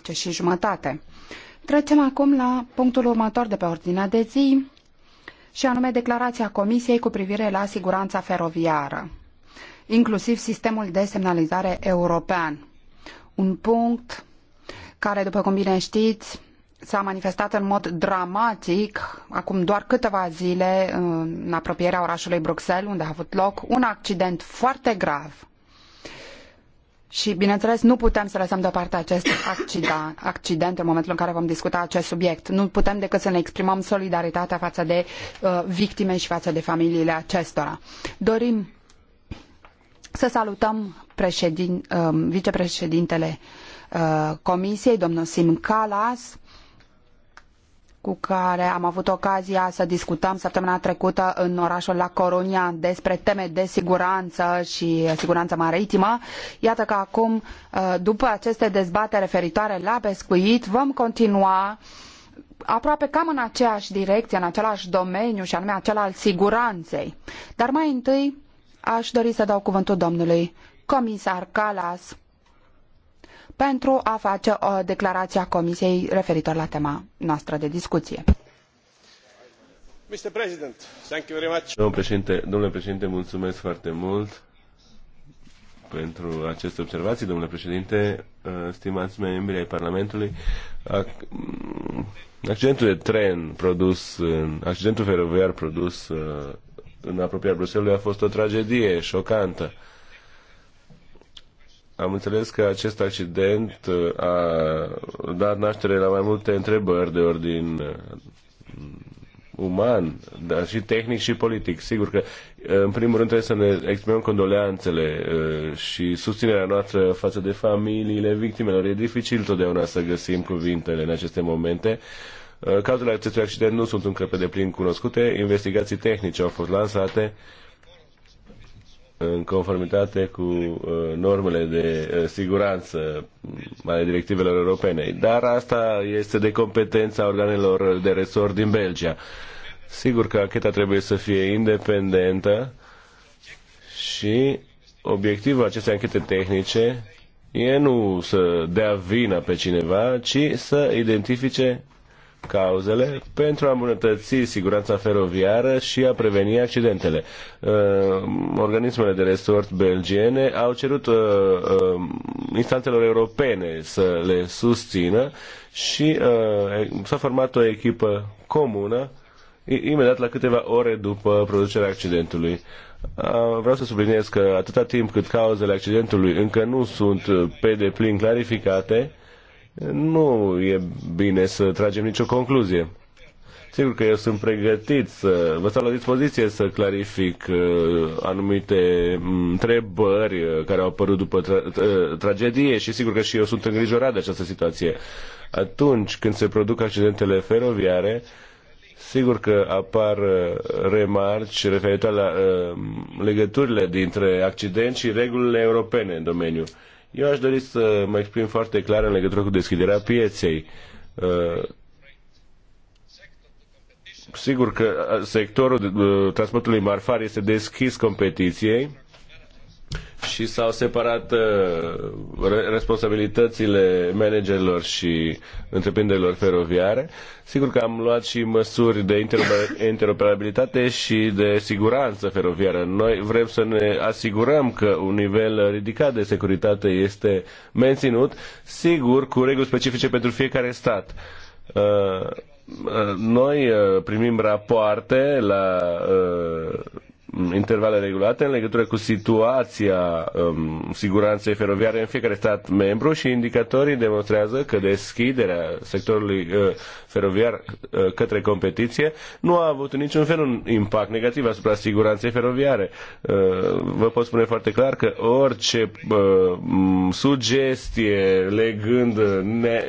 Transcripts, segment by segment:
10 și jumătate. Trecem acum la punctul următor de pe ordinea de zi, și anume declarația Comisiei cu privire la siguranța feroviară, inclusiv sistemul de semnalizare european. Un punct care, după cum bine știți, s-a manifestat în mod dramatic acum doar câteva zile în apropierea orașului Bruxelles, unde a avut loc un accident foarte grav și, bineînțeles, nu putem să lăsăm deoparte acest accident, accident în momentul în care vom discuta acest subiect. Nu putem decât să ne exprimăm solidaritatea față de uh, victime și față de familiile acestora. Dorim să salutăm președin, uh, vicepreședintele uh, Comisiei, domnul Sim Calas, cu care am avut ocazia să discutăm săptămâna trecută în orașul La Coruña despre teme de siguranță și siguranță maritimă. Iată că acum, uh, după aceste dezbateri referitoare la pescuit, vom continua aproape cam în aceeași direcție, în același domeniu și anume acela al siguranței. Dar mai întâi aș dori să dau cuvântul domnului comisar Kallas pentru a face o declarație a Comisiei referitor la tema noastră de discuție. Domnule președinte, domnule președinte, mulțumesc foarte mult pentru aceste observații, domnule președinte, uh, stimați membri ai Parlamentului. Mm, accidentul de tren produs, accidentul feroviar produs uh, în apropierea Bruselului a fost o tragedie șocantă am înțeles că acest accident uh, a dat naștere la mai multe întrebări de ordin uh, uman, dar și tehnic și politic. Sigur că, uh, în primul rând, trebuie să ne exprimăm condoleanțele și susținerea noastră față de familiile victimelor. E dificil totdeauna să găsim cuvintele în aceste momente. Cazurile acestui accident nu sunt încă pe deplin cunoscute, investigații tehnice au fost lansate în conformitate cu uh, normele de uh, siguranță ale directivelor europene. Dar asta este de competența organelor de resort din Belgia. Sigur că acheta trebuie să fie independentă și obiectivul acestei anchete tehnice e nu să dea vina pe cineva, ci să identifice cauzele pentru a îmbunătăți siguranța feroviară și a preveni accidentele. Uh, organismele de resort belgiene au cerut uh, uh, instanțelor europene să le susțină și s-a format o echipă comună imediat la câteva ore după producerea accidentului. Vreau să subliniez că atâta timp cât cauzele accidentului încă nu sunt pe deplin clarificate, nu e bine să tragem nicio concluzie. Sigur că eu sunt pregătit să vă stau la dispoziție să clarific uh, anumite mm, întrebări uh, care au apărut după tra uh, tragedie și sigur că și eu sunt îngrijorat de această situație. Atunci când se produc accidentele feroviare, sigur că apar remarci referitoare la legăturile dintre accident și regulile europene în domeniu. Eu aș dori să mă exprim foarte clar în legătură cu deschiderea pieței. Uh, sigur că uh, sectorul uh, transportului marfar este deschis competiției și s-au separat uh, responsabilitățile managerilor și întreprinderilor feroviare. Sigur că am luat și măsuri de interoperabilitate și de siguranță feroviară. Noi vrem să ne asigurăm că un nivel ridicat de securitate este menținut, sigur, cu reguli specifice pentru fiecare stat uh, uh, noi primim rapoarte la intervale regulate în legătură cu situația um, siguranței feroviare în fiecare stat membru și indicatorii demonstrează că deschiderea sectorului uh, feroviar uh, către competiție nu a avut niciun fel un impact negativ asupra siguranței feroviare. Uh, vă pot spune foarte clar că orice uh, sugestie legând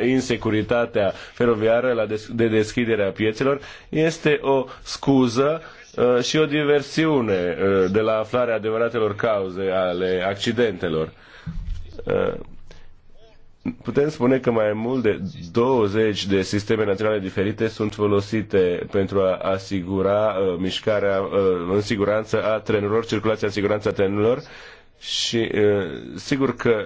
insecuritatea feroviară la des- de deschiderea piețelor este o scuză Uh, și o diversiune uh, de la aflarea adevăratelor cauze ale accidentelor. Uh, putem spune că mai mult de 20 de sisteme naționale diferite sunt folosite pentru a asigura mișcarea în siguranță a trenurilor, circulația în siguranță a trenurilor și sigur că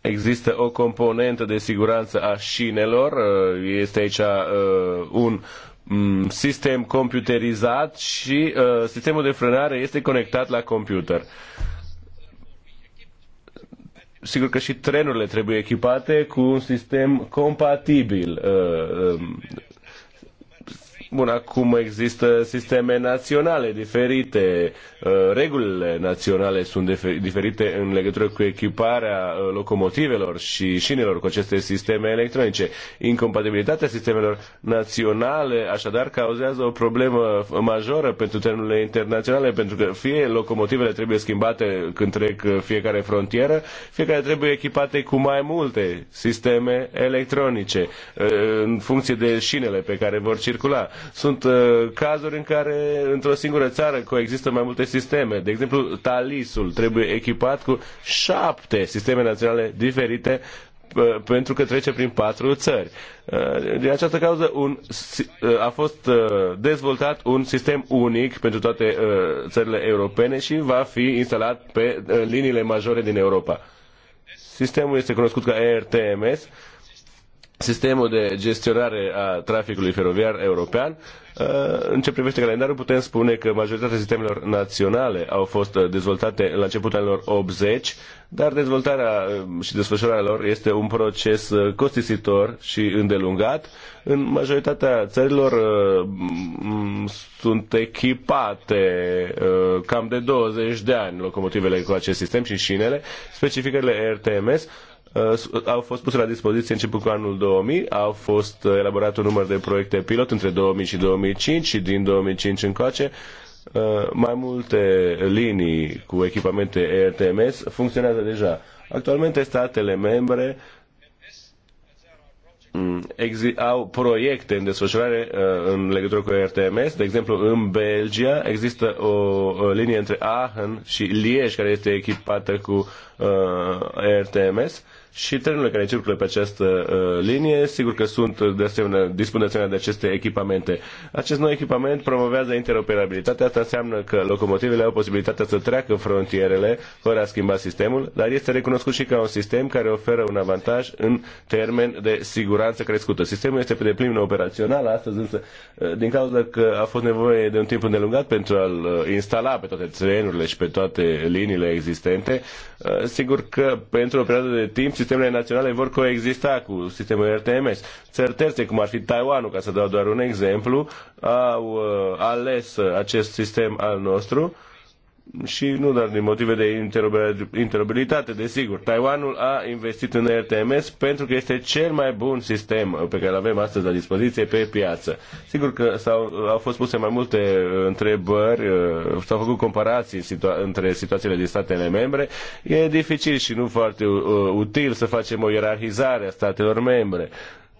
există o componentă de siguranță a șinelor, este aici un Mm, sistem computerizat și uh, sistemul de frânare este conectat la computer. Sigur că și trenurile trebuie echipate cu un sistem compatibil. Uh, uh, Bun, acum există sisteme naționale diferite, uh, regulile naționale sunt diferite în legătură cu echiparea uh, locomotivelor și șinelor cu aceste sisteme electronice. Incompatibilitatea sistemelor naționale, așadar, cauzează o problemă majoră pentru trenurile internaționale, pentru că fie locomotivele trebuie schimbate când trec uh, fiecare frontieră, fiecare trebuie echipate cu mai multe sisteme electronice, în funcție de șinele pe care vor circula sunt uh, cazuri în care într-o singură țară coexistă mai multe sisteme. De exemplu, Talisul trebuie echipat cu șapte sisteme naționale diferite uh, pentru că trece prin patru țări. Uh, din această cauză un, uh, a fost dezvoltat un sistem unic pentru toate țările europene și va fi instalat pe liniile majore din Europa. Sistemul este cunoscut ca ERTMS sistemul de gestionare a traficului feroviar european. Uh, în ce privește calendarul, putem spune că majoritatea sistemelor naționale au fost uh, dezvoltate la începutul anilor 80, dar dezvoltarea uh, și desfășurarea lor este un proces costisitor și îndelungat. În majoritatea țărilor sunt echipate cam de 20 de ani locomotivele cu acest sistem și șinele. Specificările RTMS Uh, au fost puse la dispoziție începând cu anul 2000, au fost uh, elaborat un număr de proiecte pilot între 2000 și 2005 și din 2005 încoace uh, mai multe linii cu echipamente ERTMS funcționează deja. Actualmente statele membre mm, au proiecte în desfășurare în legătură cu RTMS. De exemplu, în Belgia există o linie între Aachen și Liege care este echipată cu RTMS și trenurile care circulă pe această uh, linie, sigur că sunt de asemenea, dispun de asemenea de aceste echipamente. Acest nou echipament promovează interoperabilitatea, asta înseamnă că locomotivele au posibilitatea să treacă frontierele fără a schimba sistemul, dar este recunoscut și ca un sistem care oferă un avantaj în termen de siguranță crescută. Sistemul este pe deplin operațional astăzi, însă uh, din cauza că a fost nevoie de un timp îndelungat pentru a-l uh, instala pe toate trenurile și pe toate liniile existente, uh, sigur că pentru o perioadă de timp sistemele naționale vor coexista cu sistemele RTMS. Țări terțe, cum ar fi Taiwanul, ca să dau doar un exemplu, au uh, ales uh, acest sistem al nostru și nu doar din motive de interoperabilitate, desigur. Taiwanul a investit în RTMS pentru că este cel mai bun sistem pe care îl avem astăzi la dispoziție pe piață. Sigur că s-au, au fost puse mai multe uh, întrebări, uh, s-au făcut comparații situa- între situațiile din statele membre. E dificil și nu foarte uh, util să facem o ierarhizare a statelor membre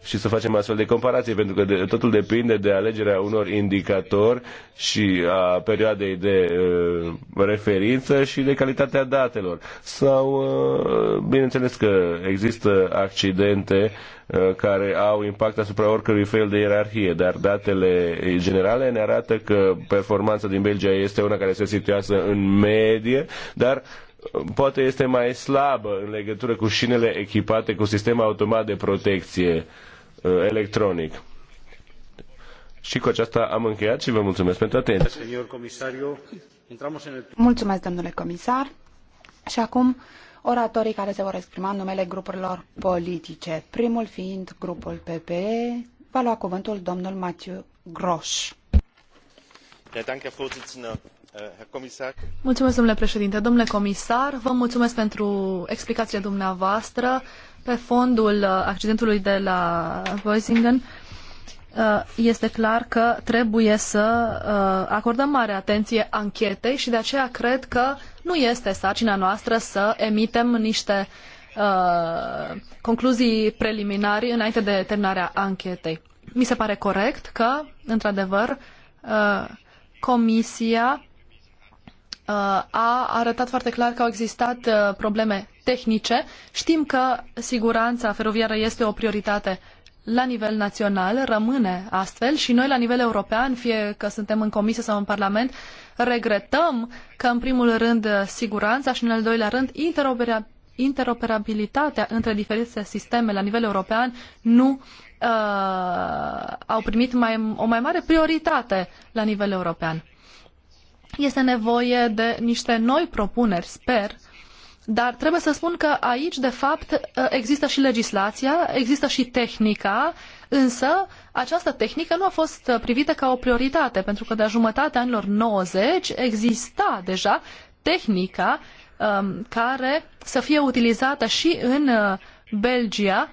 și să facem astfel de comparații, pentru că de, totul depinde de alegerea unor indicatori și a perioadei de uh, referință și de calitatea datelor. Sau, uh, bineînțeles că există accidente uh, care au impact asupra oricărui fel de ierarhie, dar datele generale ne arată că performanța din Belgia este una care se situează în medie, dar uh, poate este mai slabă în legătură cu șinele echipate cu sistem automat de protecție uh, electronic. Și cu aceasta am încheiat și vă mulțumesc pentru atenție. Mulțumesc, domnule comisar. Și acum, oratorii care se vor exprima în numele grupurilor politice, primul fiind grupul PPE, va lua cuvântul domnul Matiu Groș. Ja, danke, Mulțumesc, domnule președinte. Domnule comisar, vă mulțumesc pentru explicațiile dumneavoastră pe fondul uh, accidentului de la Voisingen uh, este clar că trebuie să uh, acordăm mare atenție anchetei și de aceea cred că nu este sarcina noastră să emitem niște concluzii preliminari înainte de terminarea anchetei. Mi se pare corect că, într-adevăr, Comisia a arătat foarte clar că au existat uh, probleme tehnice. Știm că siguranța feroviară este o prioritate la nivel național, rămâne astfel și noi la nivel european, fie că suntem în comisie sau în Parlament, regretăm că în primul rând siguranța și în al doilea rând interoperabilitatea între diferite sisteme la nivel european nu uh, au primit mai, o mai mare prioritate la nivel european. Este nevoie de niște noi propuneri, sper, dar trebuie să spun că aici, de fapt, există și legislația, există și tehnica, însă această tehnică nu a fost privită ca o prioritate, pentru că de-a jumătatea anilor 90 exista deja tehnica um, care să fie utilizată și în uh, Belgia,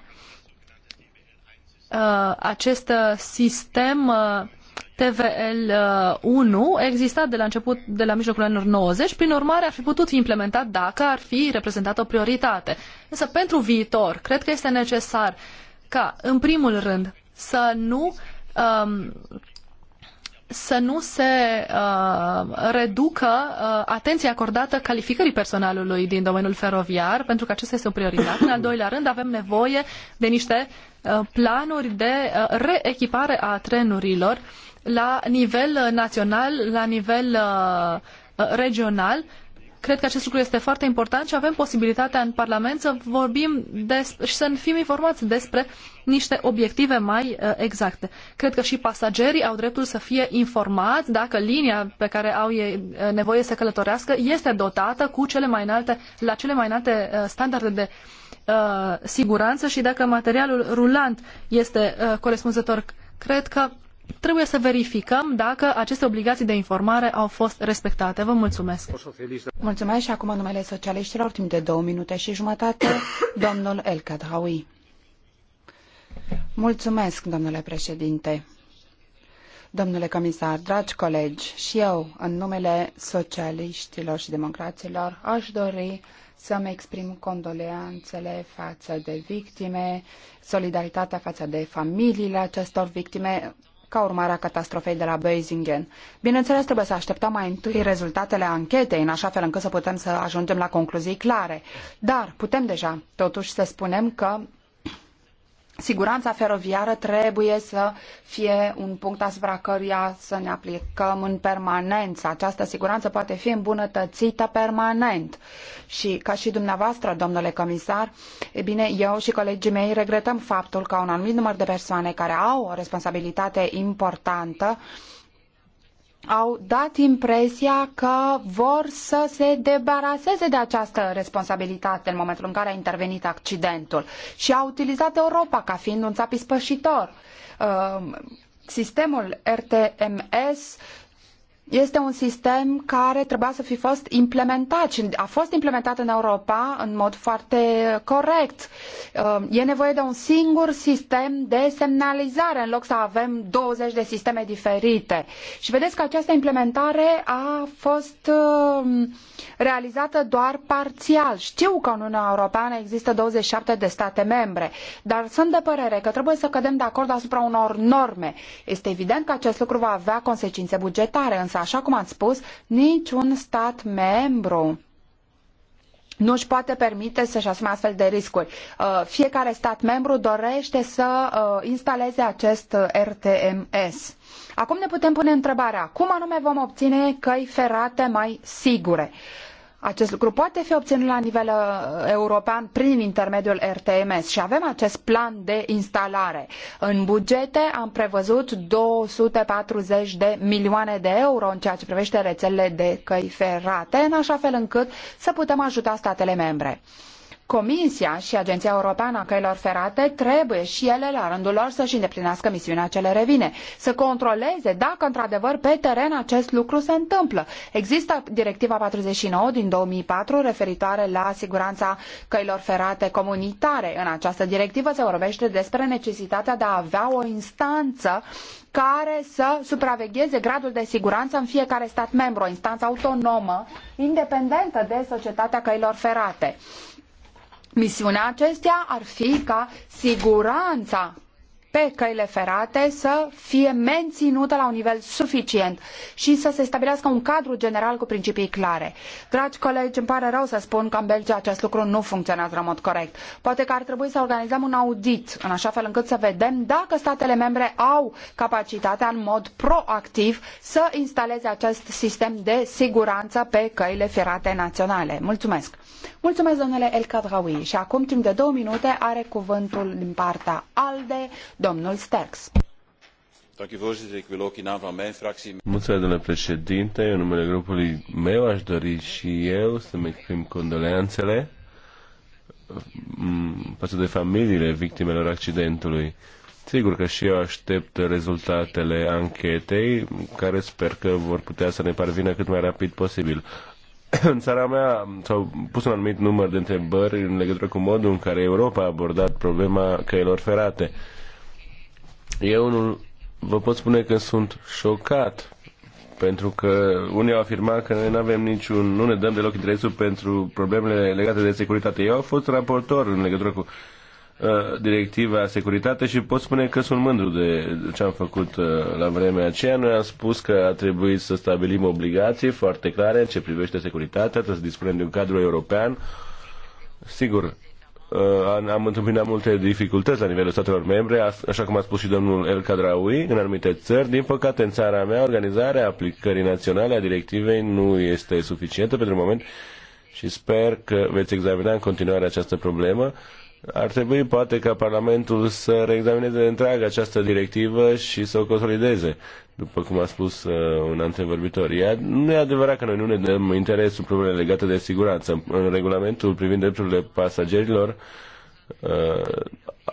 uh, acest sistem uh, TVL 1 uh, exista de la început, de la mijlocul anilor 90, prin urmare ar fi putut fi implementat dacă ar fi reprezentat o prioritate. Însă pentru viitor, cred că este necesar ca, în primul rând, să nu um, să nu se uh, reducă uh, atenția acordată calificării personalului din domeniul feroviar, pentru că acesta este o prioritate. În al doilea rând, avem nevoie de niște uh, planuri de uh, reechipare a trenurilor la nivel uh, național, la nivel uh, uh, regional, Cred că acest lucru este foarte important și avem posibilitatea în Parlament să vorbim și să fim informați despre niște obiective mai uh, exacte. Cred că și pasagerii au dreptul să fie informați dacă linia pe care au ei uh, nevoie să călătorească este dotată cu cele mai înalte, la cele mai înalte uh, standarde de uh, siguranță și dacă materialul rulant este uh, corespunzător. Cred că trebuie să verificăm dacă aceste obligații de informare au fost respectate. Vă mulțumesc. Mulțumesc și acum numele socialiștilor, timp de două minute și jumătate, domnul El Kadraoui. Mulțumesc, domnule președinte. Domnule comisar, dragi colegi, și eu, în numele socialiștilor și democraților, aș dori să-mi exprim condoleanțele față de victime, solidaritatea față de familiile acestor victime, ca urmare a catastrofei de la Beisingen. Bineînțeles, trebuie să așteptăm mai întâi rezultatele anchetei, în așa fel încât să putem să ajungem la concluzii clare. Dar putem deja, totuși, să spunem că Siguranța feroviară trebuie să fie un punct asupra căruia să ne aplicăm în permanență. Această siguranță poate fi îmbunătățită permanent. Și ca și dumneavoastră, domnule comisar, e bine, eu și colegii mei regretăm faptul că un anumit număr de persoane care au o responsabilitate importantă uh, au dat impresia că vor să se debaraseze de această responsabilitate în momentul în care a intervenit accidentul și au utilizat Europa ca fiind un țap uh, sistemul RTMS este un sistem care trebuia să fi fost implementat și a fost implementat în Europa în mod foarte corect. Uh, e nevoie de un singur sistem de semnalizare în loc să avem 20 de sisteme diferite. Și vedeți că această implementare a fost uh, realizată doar parțial. Știu că în Uniunea Europeană există 27 de state membre, dar sunt de părere că trebuie să cădem de acord asupra unor norme. Este evident că acest lucru va avea consecințe bugetare, însă Însă, așa cum ați spus, niciun stat membru nu își poate permite să-și asume astfel de riscuri. Uh, fiecare stat membru dorește să uh, instaleze acest RTMS. Acum ne putem pune întrebarea, cum anume vom obține căi ferate mai sigure? Acest lucru poate fi obținut la nivel uh, european prin intermediul RTMS și avem acest plan de instalare. În bugete am prevăzut 240 de milioane de euro în ceea ce privește rețelele de căi ferate, în așa fel încât să putem ajuta statele membre. Comisia și Agenția Europeană a Căilor Ferate trebuie și ele, la rândul lor, să-și îndeplinească misiunea ce le revine, să controleze dacă, într-adevăr, pe teren acest lucru se întâmplă. Există Directiva 49 din 2004 referitoare la siguranța căilor ferate comunitare. În această directivă se vorbește despre necesitatea de a avea o instanță care să supravegheze gradul de siguranță în fiecare stat membru, o instanță autonomă, independentă de societatea căilor ferate. Misiunea acestea ar fi ca siguranța pe căile ferate să fie menținută la un nivel suficient și să se stabilească un cadru general cu principii clare. Dragi colegi, îmi pare rău să spun că în Belgia acest lucru nu funcționează în mod corect. Poate că ar trebui să organizăm un audit în așa fel încât să vedem dacă statele membre au capacitatea în mod proactiv să instaleze acest sistem de siguranță pe căile ferate naționale. Mulțumesc! Mulțumesc, domnule El Cadraui. Și acum, timp de două minute, are cuvântul din partea ALDE, Domnul Sterks. Mulțumesc, domnule președinte. În numele grupului meu aș dori și eu să-mi exprim condoleanțele mm, față de familiile victimelor accidentului. Sigur că și eu aștept rezultatele anchetei, care sper că vor putea să ne parvină cât mai rapid posibil. În țara mea s-au pus un anumit număr de întrebări în legătură cu modul în care Europa a abordat problema căilor ferate. Eu nu vă pot spune că sunt șocat pentru că unii au afirmat că noi nu avem niciun, nu ne dăm deloc interesul pentru problemele legate de securitate. Eu am fost raportor în legătură cu uh, directiva securitate și pot spune că sunt mândru de ce am făcut uh, la vremea aceea. Noi am spus că a trebuit să stabilim obligații foarte clare în ce privește securitatea, trebuie să dispunem de un cadru european. Sigur, Uh, am întâmpinat multe dificultăți la nivelul statelor membre, așa cum a spus și domnul El Cadraui, în anumite țări. Din păcate, în țara mea, organizarea aplicării naționale a directivei nu este suficientă pentru moment și sper că veți examina în continuare această problemă. Ar trebui poate ca Parlamentul să reexamineze întreaga această directivă și să o consolideze după cum a spus uh, un antevorbitor. E, nu e adevărat că noi nu ne dăm interesul problemele legate de siguranță. În regulamentul privind drepturile pasagerilor uh,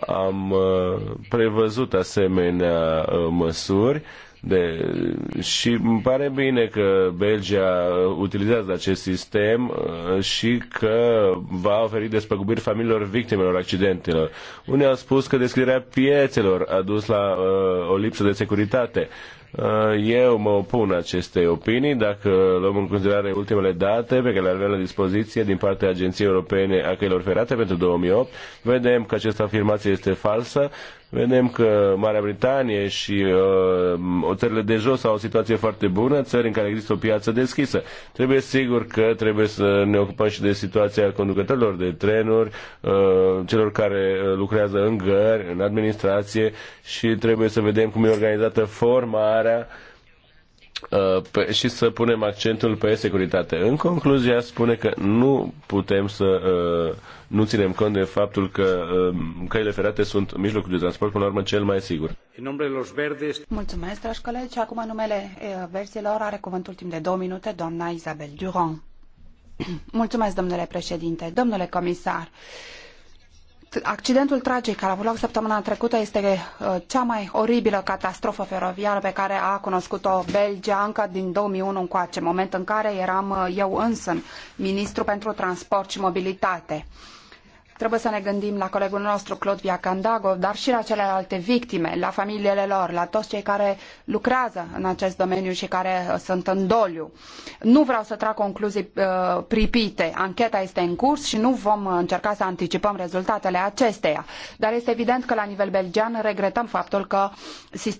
am uh, prevăzut asemenea uh, măsuri de, și îmi pare bine că Belgia uh, utilizează acest sistem uh, și că va oferi despăgubiri familiilor victimelor accidentelor. Unii au spus că deschiderea piețelor a dus la uh, o lipsă de securitate. Uh, Uh, eu mă opun acestei opinii dacă luăm în considerare ultimele date pe care le avem la dispoziție din partea Agenției Europene a Căilor Ferate pentru 2008. Vedem că această afirmație este falsă. Vedem că Marea Britanie și uh, țările de jos au o situație foarte bună, țări în care există o piață deschisă. Trebuie sigur că trebuie să ne ocupăm și de situația conducătorilor de trenuri, uh, celor care uh, lucrează în gări, în administrație și trebuie să vedem cum e organizată formarea uh, Uh, și să punem accentul pe securitate. În concluzie, spune că nu putem să uh, nu ținem cont de faptul că uh, căile ferate sunt mijlocul de transport, până la urmă, cel mai sigur. Mulțumesc, dragi colegi. Acum, numele uh, versiilor are cuvântul timp de două minute, doamna Isabel Durand. Mulțumesc, domnule președinte, domnule comisar. Uh, accidentul tragic care a avut loc săptămâna trecută este uh, cea mai oribilă catastrofă feroviară pe care a cunoscut-o Belgia încă din 2001 încoace, moment în care eram uh, eu însă ministru pentru transport și mobilitate. Trebuie să ne gândim la colegul nostru, Claude Viacandago, dar și la celelalte victime, la familiile lor, la toți cei care lucrează în acest domeniu și care uh, sunt în doliu. Nu vreau să trag concluzii uh, pripite. Ancheta este în curs și nu vom uh, încerca să anticipăm rezultatele acesteia. Dar este evident că la nivel belgian regretăm faptul că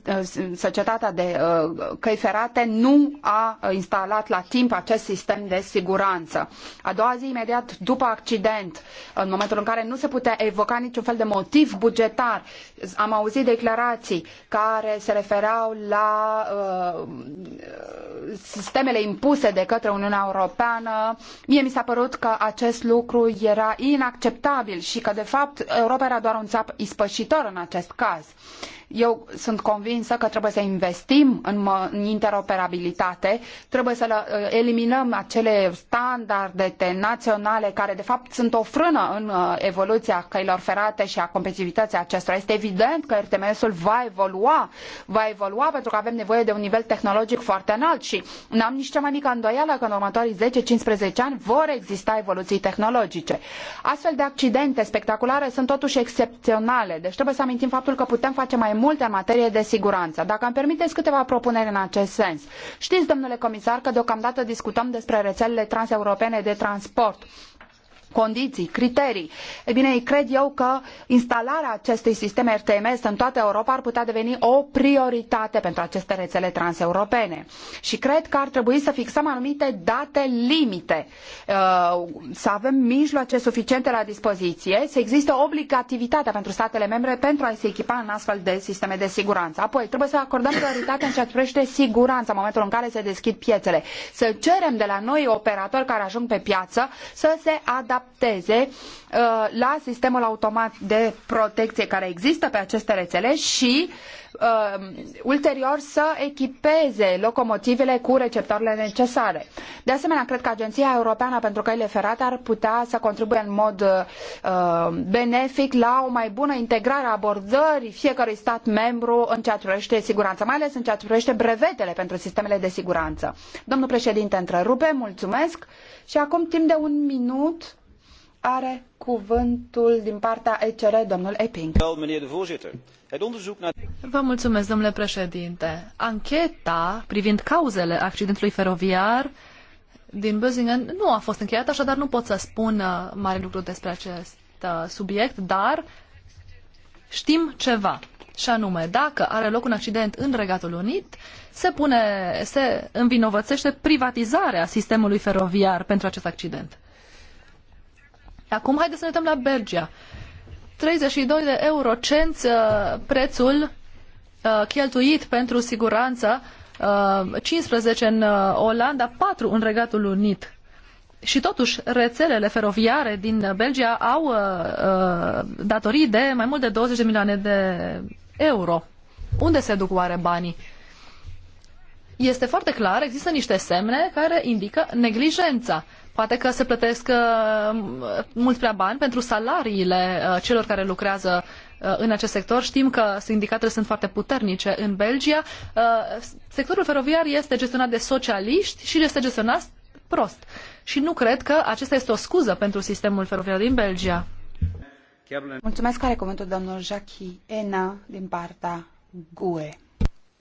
uh, societatea de uh, căi ferate nu a instalat la timp acest sistem de siguranță. A doua zi, imediat după accident, în momentul în care care nu se putea evoca niciun fel de motiv bugetar. Am auzit declarații care se refereau la uh, sistemele impuse de către Uniunea Europeană. Mie mi s-a părut că acest lucru era inacceptabil și că, de fapt, Europa era doar un țap ispășitor în acest caz. Eu sunt convinsă că trebuie să investim în, în interoperabilitate, trebuie să uh, eliminăm acele standarde naționale care de fapt sunt o frână în uh, evoluția căilor ferate și a competitivității acestora. Este evident că RTMS-ul va evolua, va evolua pentru că avem nevoie de un nivel tehnologic foarte înalt și n-am nici cea mai mică îndoială că în următorii 10-15 ani vor exista evoluții tehnologice. Astfel de accidente spectaculare sunt totuși excepționale, deci trebuie să amintim faptul că putem face mai multe în materie de siguranță. Dacă îmi permiteți câteva propuneri în acest sens. Știți, domnule comisar, că deocamdată discutăm despre rețelele transeuropene de transport condiții, criterii. E bine, cred eu că instalarea acestui sistem RTMS în toată Europa ar putea deveni o prioritate pentru aceste rețele transeuropene. Și cred că ar trebui să fixăm anumite date limite, uh, să avem mijloace suficiente la dispoziție, să existe obligativitatea pentru statele membre pentru a se echipa în astfel de sisteme de siguranță. Apoi, trebuie să acordăm prioritate în ceea ce privește siguranța în momentul în care se deschid piețele. Să cerem de la noi operatori care ajung pe piață să se adapteze adapteze uh, la sistemul automat de protecție care există pe aceste rețele și uh, ulterior să echipeze locomotivele cu receptoarele necesare. De asemenea, cred că Agenția Europeană pentru Căile Ferate ar putea să contribuie în mod uh, benefic la o mai bună integrare a abordării fiecărui stat membru în ceea ce privește siguranța, mai ales în ceea ce privește brevetele pentru sistemele de siguranță. Domnul președinte, întrerupe, mulțumesc și acum timp de un minut are cuvântul din partea ECR, domnul Epping. Vă mulțumesc, domnule președinte. Ancheta privind cauzele accidentului feroviar din Bözingen nu a fost încheiată, așadar nu pot să spun uh, mare lucru despre acest uh, subiect, dar știm ceva. Și anume, dacă are loc un accident în Regatul Unit, se, pune, se învinovățește privatizarea sistemului feroviar pentru acest accident. Acum haideți să ne uităm la Belgia. 32 de eurocenți uh, prețul uh, cheltuit pentru siguranță, 15 uh, în Olanda, 4 în Regatul Unit. Și totuși, rețelele feroviare din Belgia au datorii de mai mult de 20 de milioane de euro. Unde se duc oare banii? Este foarte clar, există niște semne care indică neglijența. Uh, Poate că se plătesc uh, mult prea bani pentru salariile uh, celor care lucrează uh, în acest sector. Știm că sindicatele sunt foarte puternice în Belgia. Sectorul feroviar este gestionat de socialiști și este gestionat prost. Și nu cred că acesta este o scuză pentru sistemul feroviar din Belgia. Mulțumesc, care cuvântul domnul Jacqui Ena din partea GUE.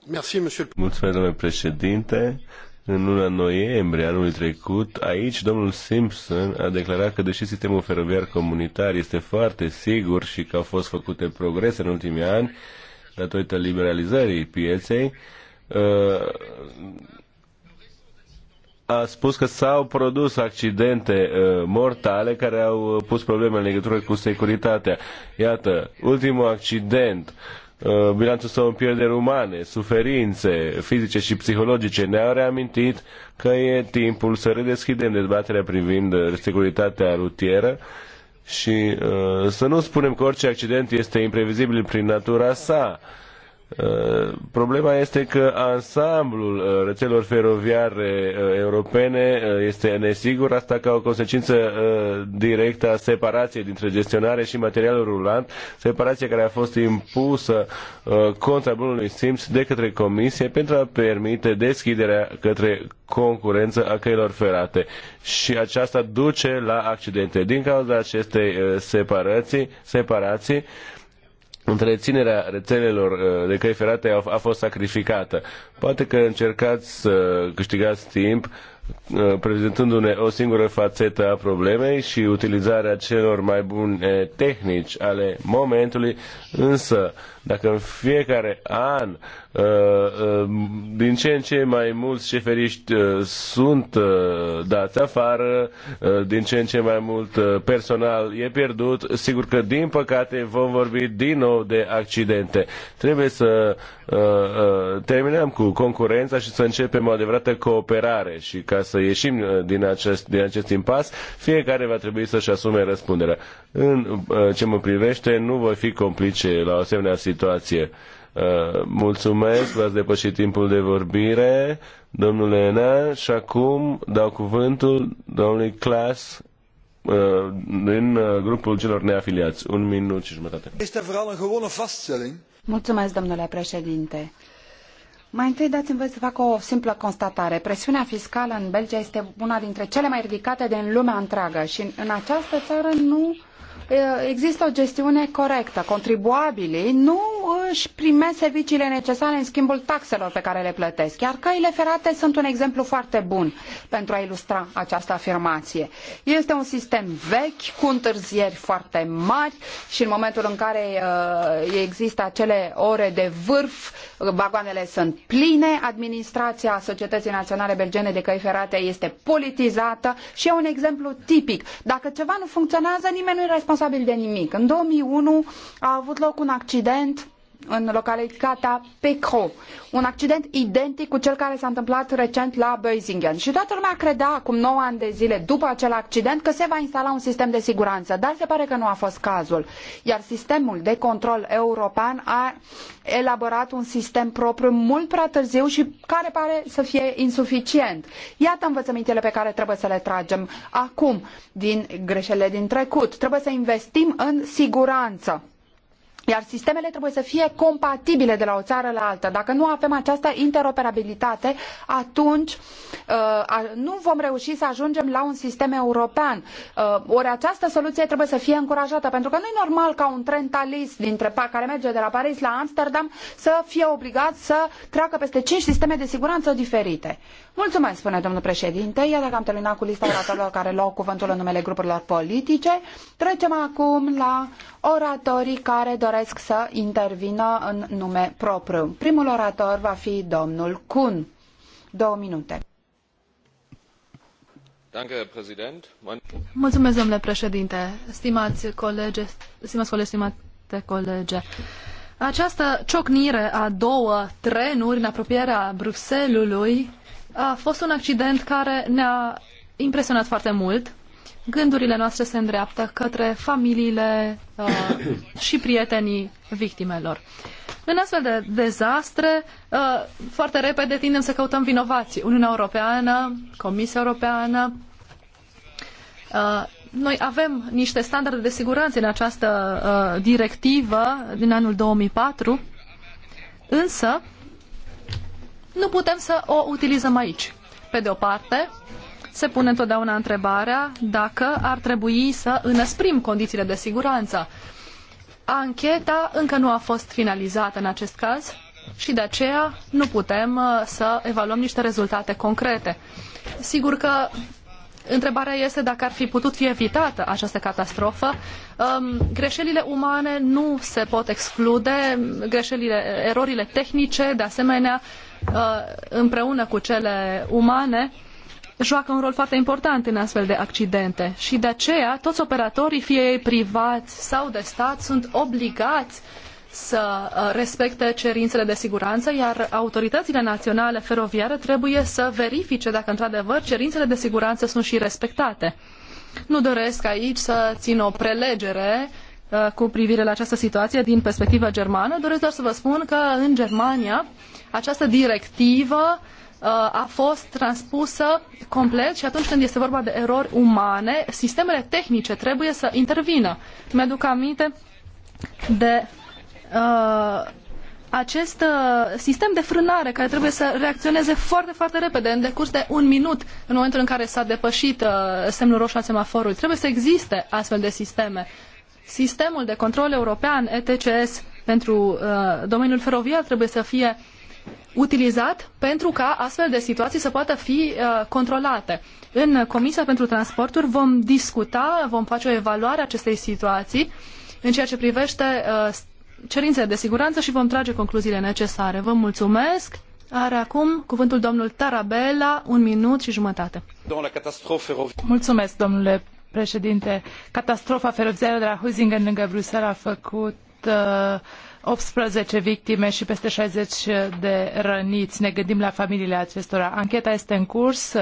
Mulțumesc, domnule președinte în luna noiembrie anului trecut, aici domnul Simpson a declarat că deși sistemul feroviar comunitar este foarte sigur și că au fost făcute progrese în ultimii ani, datorită liberalizării pieței, ă, a spus că s-au produs accidente ă, mortale care au pus probleme în legătură cu securitatea. Iată, ultimul accident Uh, bilanțul său în pierderi umane, suferințe fizice și psihologice. Ne-a reamintit că e timpul să redeschidem dezbaterea privind uh, securitatea rutieră și uh, să nu spunem că orice accident este imprevizibil prin natura sa. Uh, Uh, problema este că ansamblul uh, rețelor feroviare uh, europene este nesigur, asta ca o consecință directă a separației dintre gestionare și materialul rulant, separație care a fost impusă contra bunului simț de către Comisie pentru a permite deschiderea către concurență a căilor ferate. Și aceasta duce la accidente. Din cauza acestei separații, separații întreținerea rețelelor uh, de căi ferate a, fost sacrificată. Poate că încercați să câștigați timp uh, prezentându-ne o singură fațetă a problemei și utilizarea celor mai bune tehnici ale momentului, însă dacă în fiecare an Uh, uh, din ce în ce mai mulți șeferiști uh, sunt dați afară, din ce în ce mai mult personal e pierdut. Sigur că, din păcate, vom vorbi din nou de accidente. Trebuie să terminăm cu concurența și să începem o adevărată cooperare și ca să ieșim din acest, din acest impas, fiecare va trebui să-și asume răspunderea. În ce mă privește, nu voi fi complice la o asemenea situație Uh, mulțumesc, v-ați depășit timpul de vorbire, domnule Ena, și acum dau cuvântul domnului Clas uh, din uh, grupul celor neafiliați. Un minut și jumătate. Este vreau een gewone vaststelling. Mulțumesc, domnule președinte. Mai întâi dați-mi voi să fac o simplă constatare. Presiunea fiscală în Belgia este una dintre cele mai ridicate din lumea întreagă și în această țară nu Eh, există o gestiune corectă. Contribuabilii nu își primesc serviciile necesare în schimbul taxelor pe care le plătesc. Iar căile ferate sunt un exemplu foarte bun pentru a ilustra această afirmație. Este un sistem vechi, cu întârzieri foarte mari și în momentul în care eh, există acele ore de vârf, vagoanele sunt pline, administrația Societății Naționale Belgene de Căi Ferate este politizată și e un exemplu tipic. Dacă ceva nu funcționează, nimeni nu e responsabil responsabil de nimic. În 2001 a avut loc un accident în localitatea Pecro. Un accident identic cu cel care s-a întâmplat recent la Bösingen. Și toată lumea credea acum 9 ani de zile după acel accident că se va instala un sistem de siguranță, dar se pare că nu a fost cazul. Iar sistemul de control european a elaborat un sistem propriu mult prea târziu și care pare să fie insuficient. Iată învățămintele pe care trebuie să le tragem acum din greșelile din trecut. Trebuie să investim în siguranță iar sistemele trebuie să fie compatibile de la o țară la alta. Dacă nu avem această interoperabilitate, atunci Uh, nu vom reuși să ajungem la un sistem european. Uh, ori această soluție trebuie să fie încurajată, pentru că nu e normal ca un tren talis dintre, care merge de la Paris la Amsterdam să fie obligat să treacă peste cinci sisteme de siguranță diferite. Mulțumesc, spune domnul președinte. Iată că am terminat cu lista oratorilor care luau cuvântul în numele grupurilor politice. Trecem acum la oratorii care doresc să intervină în nume propriu. Primul orator va fi domnul Kuhn. Două minute. Mulțumesc, domnule președinte, stimați colegi, stimați colegi, stimate colege. Această ciocnire a două trenuri în apropierea Bruxellesului a fost un accident care ne-a impresionat foarte mult gândurile noastre se îndreaptă către familiile uh, și prietenii victimelor. În astfel de dezastre, uh, foarte repede tindem să căutăm vinovații. Uniunea Europeană, Comisia Europeană, uh, noi avem niște standarde de siguranță în această uh, directivă din anul 2004, însă nu putem să o utilizăm aici. Pe de o parte, se pune întotdeauna întrebarea dacă ar trebui să înăsprim condițiile de siguranță. Ancheta încă nu a fost finalizată în acest caz și de aceea nu putem uh, să evaluăm niște rezultate concrete. Sigur că Întrebarea este dacă ar fi putut fi evitată această catastrofă. Um, greșelile umane nu se pot exclude, greșelile, erorile tehnice, de asemenea, uh, împreună cu cele umane, uh, joacă un rol foarte important în astfel de accidente și de aceea toți operatorii, fie ei privați sau de stat, sunt obligați să uh, respecte cerințele de siguranță, iar autoritățile naționale feroviare trebuie să verifice dacă într-adevăr cerințele de siguranță sunt și respectate. Nu doresc aici să țin o prelegere uh, cu privire la această situație din perspectiva germană. Doresc doar să vă spun că în Germania această directivă Uh, a fost transpusă complet și atunci când este vorba de erori umane, sistemele tehnice trebuie să intervină. Mi-aduc aminte de uh, acest uh, sistem de frânare care trebuie să reacționeze foarte, foarte repede, în decurs de un minut, în momentul în care s-a depășit uh, semnul roșu al semaforului. Trebuie să existe astfel de sisteme. Sistemul de control european, ETCS, pentru uh, domeniul feroviar trebuie să fie uh, utilizat pentru ca astfel de situații să poată fi uh, controlate. În Comisia pentru Transporturi vom discuta, vom face o evaluare a acestei situații în ceea ce privește uh, cerințele de siguranță și vom trage concluziile necesare. Vă mulțumesc! Are acum cuvântul domnul Tarabella, un minut și jumătate. Mulțumesc, domnule președinte. Catastrofa feroviară de la Huzingen lângă Bruxelles a făcut uh, optsprezece victime și peste 60 de rănii Ne gândim la familiile acestora. Ancheta este în curs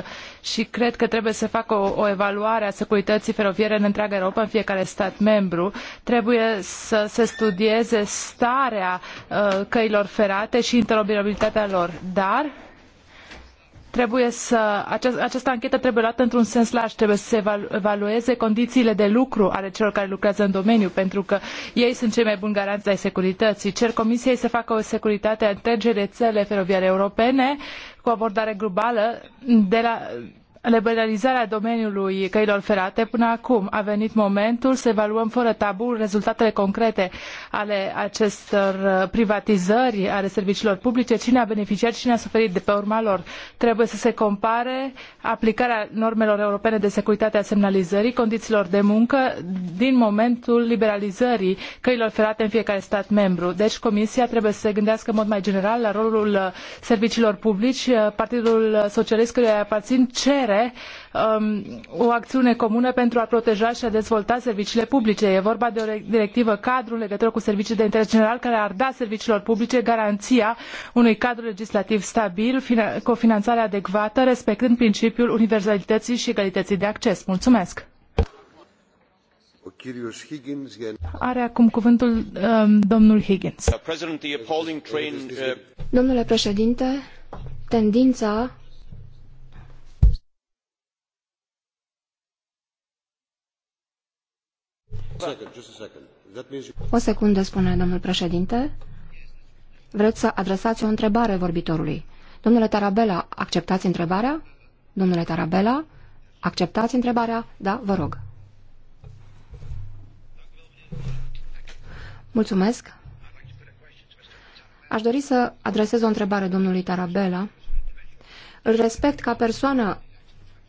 și cred că trebuie să facă o, o evaluare a securității feroviere în întreaga Europa, în fiecare stat membru. Trebuie să se studieze starea uh, căilor ferate și interoperabilitatea lor. Dar trebuie să, această, această anchetă trebuie luată într-un sens larg, trebuie să se evalueze condițiile de lucru ale celor care lucrează în domeniu, pentru că ei sunt cei mai buni garanți ai securității. Cer Comisiei să facă o securitate a întregii rețele feroviare europene cu o abordare globală de la, liberalizarea domeniului căilor ferate până acum. A venit momentul să evaluăm fără tabu rezultatele concrete ale acestor privatizări ale serviciilor publice, cine a beneficiat, cine a suferit de pe urma lor. Trebuie să se compare aplicarea normelor europene de securitate a semnalizării, condițiilor de muncă din momentul liberalizării căilor ferate în fiecare stat membru. Deci Comisia trebuie să se gândească în mod mai general la rolul serviciilor publici. Partidul Socialist, căruia aparțin, cer cere um, o acțiune comună pentru a proteja și a dezvolta serviciile publice. E vorba de o directivă cadru în legătură cu servicii de interes general care ar da serviciilor publice garanția unui cadru legislativ stabil, cu o finanțare adecvată, respectând principiul universalității și egalității de acces. Mulțumesc! Are acum cuvântul um, domnul Higgins. Uh, Domnule președinte, tendința O secundă, spune domnul președinte. Vreți să adresați o întrebare vorbitorului. Domnule Tarabella, acceptați întrebarea? Domnule Tarabella, acceptați întrebarea? Da, vă rog. Mulțumesc. Aș dori să adresez o întrebare domnului Tarabella. Îl respect ca persoană,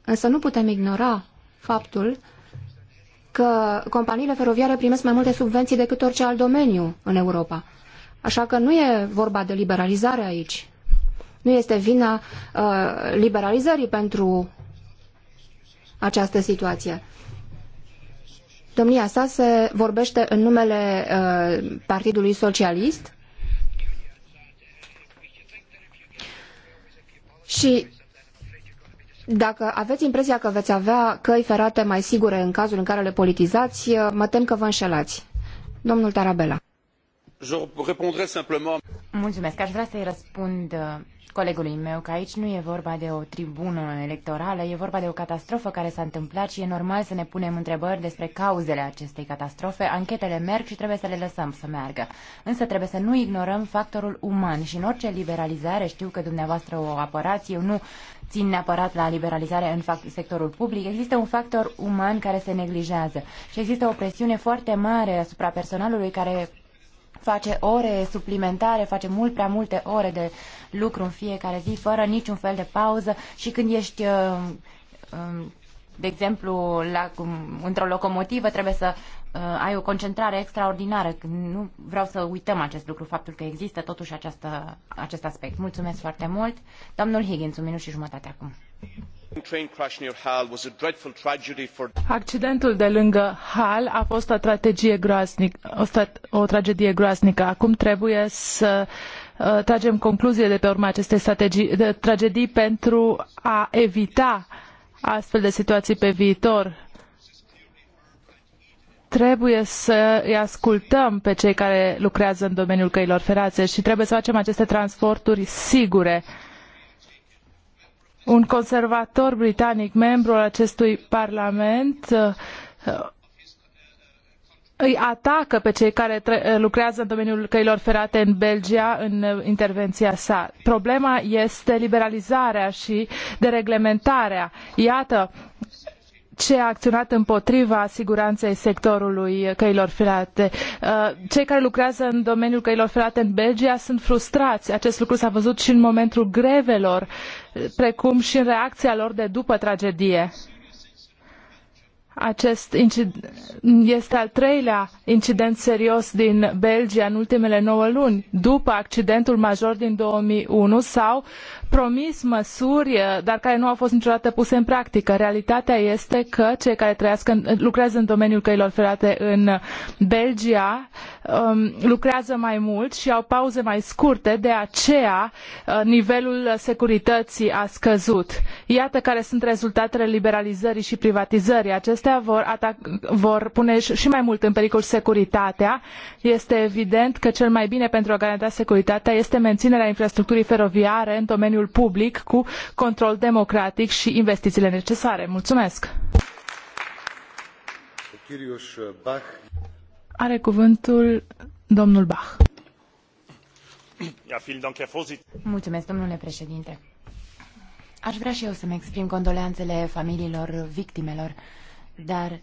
însă nu putem ignora faptul că companiile feroviare primesc mai multe subvenții decât orice alt domeniu în Europa. Așa că nu e vorba de liberalizare aici. Nu este vina uh, liberalizării pentru această situație. Domnia sa se vorbește în numele uh, Partidului Socialist și dacă aveți impresia că veți avea căi ferate mai sigure în cazul în care le politizați, uh, mă tem că vă înșelați. Domnul Tarabella. Mulțumesc. Aș vrea să-i răspund uh, colegului meu că aici nu e vorba de o tribună electorală, e vorba de o catastrofă care s-a întâmplat și e normal să ne punem întrebări despre cauzele acestei catastrofe. Anchetele merg și trebuie să le lăsăm să meargă. Însă trebuie să nu ignorăm factorul uman și în orice liberalizare, știu că dumneavoastră o apărați, eu nu țin neapărat la liberalizare în sectorul public, există un factor uman care se neglijează și există o presiune foarte mare asupra personalului care face ore suplimentare, face mult prea multe ore de lucru în fiecare zi, fără niciun fel de pauză și când ești uh, um, de exemplu, la, într-o locomotivă trebuie să uh, ai o concentrare extraordinară. Nu vreau să uităm acest lucru, faptul că există totuși această, acest aspect. Mulțumesc foarte mult. Domnul Higgins, un minut și jumătate acum. Accidentul de lângă Hal a fost o, tragedie o, o tragedie groaznică. Acum trebuie să uh, tragem concluzie de pe urma acestei strategii, de, tragedii pentru a evita astfel de situații pe viitor trebuie să îi ascultăm pe cei care lucrează în domeniul căilor ferate și trebuie să facem aceste transporturi sigure un conservator britanic, membru al acestui parlament, uh, uh, îi atacă pe cei care uh, lucrează în domeniul căilor ferate în Belgia în intervenția sa. Problema este liberalizarea și dereglementarea. Iată, ce a acționat împotriva siguranței sectorului căilor ferate. Uh, cei care lucrează în domeniul căilor ferate în Belgia sunt frustrați. Acest lucru s-a văzut și în momentul grevelor, precum și în reacția lor de după tragedie. Acest incident este al treilea incident serios din Belgia în ultimele nouă luni, după accidentul major din 2001 sau promis măsuri, eh, dar care nu au fost niciodată puse în practică. Realitatea este că cei care lucrează în domeniul căilor ferate în Belgia Um, lucrează mai mult și au pauze mai scurte, de aceea uh, nivelul securității a scăzut. Iată care sunt rezultatele liberalizării și privatizării. Acestea vor, vor pune și mai mult în pericol securitatea. Este evident că cel mai bine pentru a garanta securitatea este menținerea infrastructurii feroviare în domeniul public cu control democratic și investițiile necesare. Mulțumesc! Are cuvântul domnul Bach. Mulțumesc, domnule președinte. Aș vrea și eu să-mi exprim condoleanțele familiilor victimelor, dar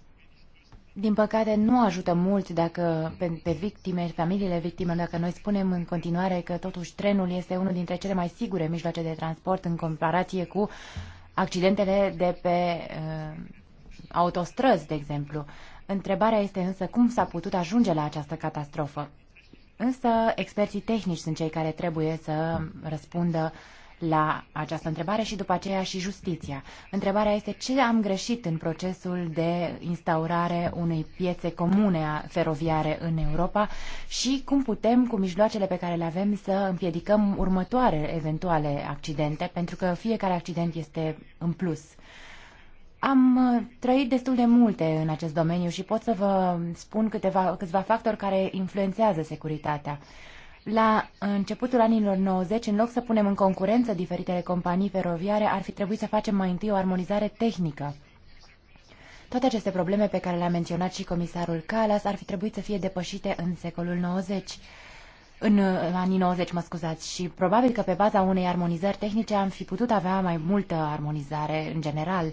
din păcate nu ajută mult dacă pe, pe victime, familiile victimelor, dacă noi spunem în continuare că totuși trenul este unul dintre cele mai sigure mijloace de transport în comparație cu accidentele de pe uh, autostrăzi, de exemplu. Întrebarea este însă cum s-a putut ajunge la această catastrofă. Însă experții tehnici sunt cei care trebuie să răspundă la această întrebare și după aceea și justiția. Întrebarea este ce am greșit în procesul de instaurare unei piețe comune feroviare în Europa și cum putem cu mijloacele pe care le avem să împiedicăm următoare eventuale accidente, pentru că fiecare accident este în plus. Am uh, trăit destul de multe în acest domeniu și pot să vă spun câteva, câțiva factori care influențează securitatea. La începutul anilor 90, în loc să punem în concurență diferitele companii feroviare, ar fi trebuit să facem mai întâi o armonizare tehnică. Toate aceste probleme pe care le-a menționat și comisarul Calas ar fi trebuit să fie depășite în secolul 90 uh, în anii 90, mă scuzați, și probabil că pe baza unei armonizări tehnice am fi putut avea mai multă armonizare în general.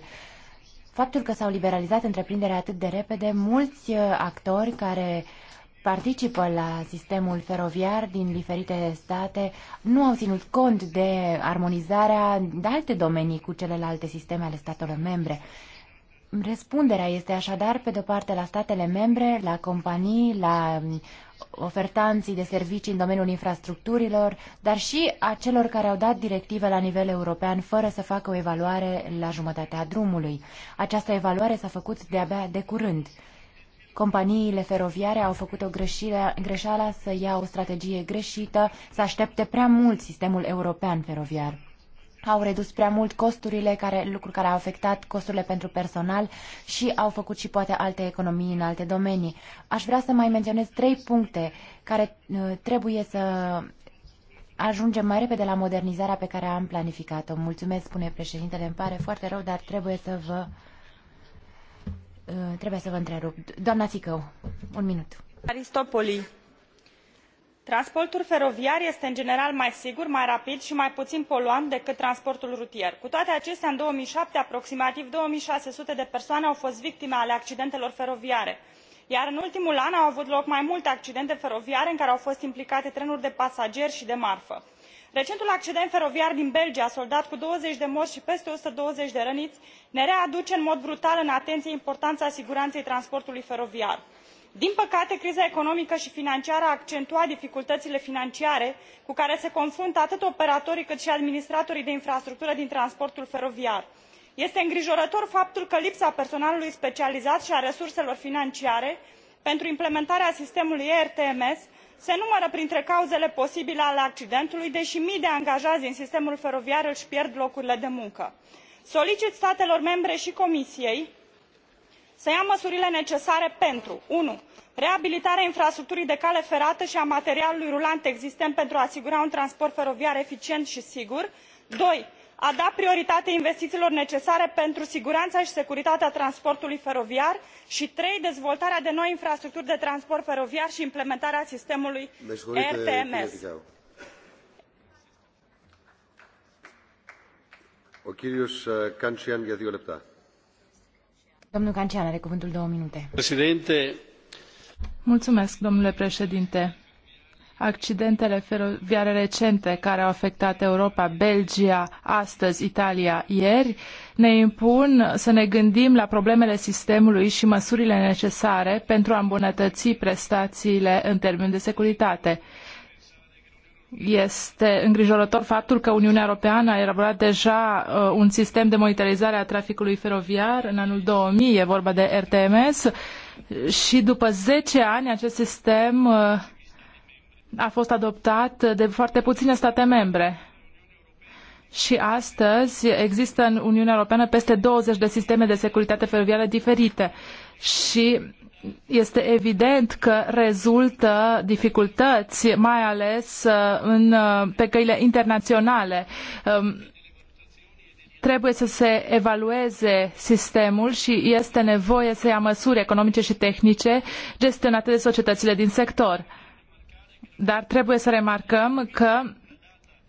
Faptul că s-au liberalizat întreprinderea atât de repede, mulți uh, actori care participă la sistemul feroviar din diferite state nu au ținut cont de armonizarea de alte domenii cu celelalte sisteme ale statelor membre. Răspunderea este așadar, pe de-o parte, la statele membre, la companii, la ofertanții de servicii în domeniul infrastructurilor, dar și a celor care au dat directive la nivel european fără să facă o evaluare la jumătatea drumului. Această evaluare s-a făcut de-abia de curând. Companiile feroviare au făcut o greșeală să ia o strategie greșită, să aștepte prea mult sistemul european feroviar au redus prea mult costurile, care, lucru care a afectat costurile pentru personal și au făcut și poate alte economii în alte domenii. Aș vrea să mai menționez trei puncte care uh, trebuie să ajungem mai repede la modernizarea pe care am planificat-o. Mulțumesc, spune președintele, îmi pare foarte rău, dar trebuie să vă uh, trebuie să vă întrerup. Doamna Țicău, un minut. Aristopoli, transportul feroviar este în general mai sigur mai rapid i mai puin poluant decât transportul rutier. cu toate acestea în două mii șapte aproximativ doi șase sute de persoane au fost victime ale accidentelor feroviare iar în ultimul an au avut loc mai multe accidente feroviare în care au fost implicate trenuri de pasageri i de marfă. recentul accident feroviar din belgia soldat cu douăzeci de mori i peste o sută douăzeci de rănii ne readuce în mod brutal în atenie importana siguranei transportului feroviar din păcate criza economică i financiară a accentuat dificultăile financiare cu care se confruntă atât operatorii cât i administratorii de infrastructură din transportul feroviar. este îngrijorător faptul că lipsa personalului specializat i a resurselor financiare pentru implementarea sistemului ertms se numără printre cauzele posibile ale accidentului dei mii de angajai din sistemul feroviar îi pierd locurile de muncă. solicit statelor membre i comisiei să ia măsurile necesare pentru reabilitarea infrastructurii de cale ferată i a materialului rulant existent pentru a asigura un transport feroviar eficient i sigur a da prioritate investiiilor necesare pentru sigurana i securitatea transportului feroviar i dezvoltarea de noi infrastructuri de transport feroviar i implementarea sistemului ertms minute. Președinte. Mulțumesc, domnule președinte. Accidentele feroviare recente care au afectat Europa, Belgia, astăzi Italia, ieri, ne impun să ne gândim la problemele sistemului și măsurile necesare pentru a îmbunătăți prestațiile în termen de securitate. Este îngrijorător faptul că Uniunea Europeană a elaborat deja uh, un sistem de monitorizare a traficului feroviar în anul 2000, e vorba de RTMS, și după zece ani acest sistem uh, a fost adoptat de foarte puține state membre. Și astăzi există în Uniunea Europeană peste 20 de sisteme de securitate feroviară diferite și este evident că rezultă dificultăți, mai ales uh, în, uh, pe căile internaționale. Um, trebuie să se evalueze sistemul și este nevoie să ia măsuri economice și tehnice gestionate de societățile din sector. Dar trebuie să remarcăm că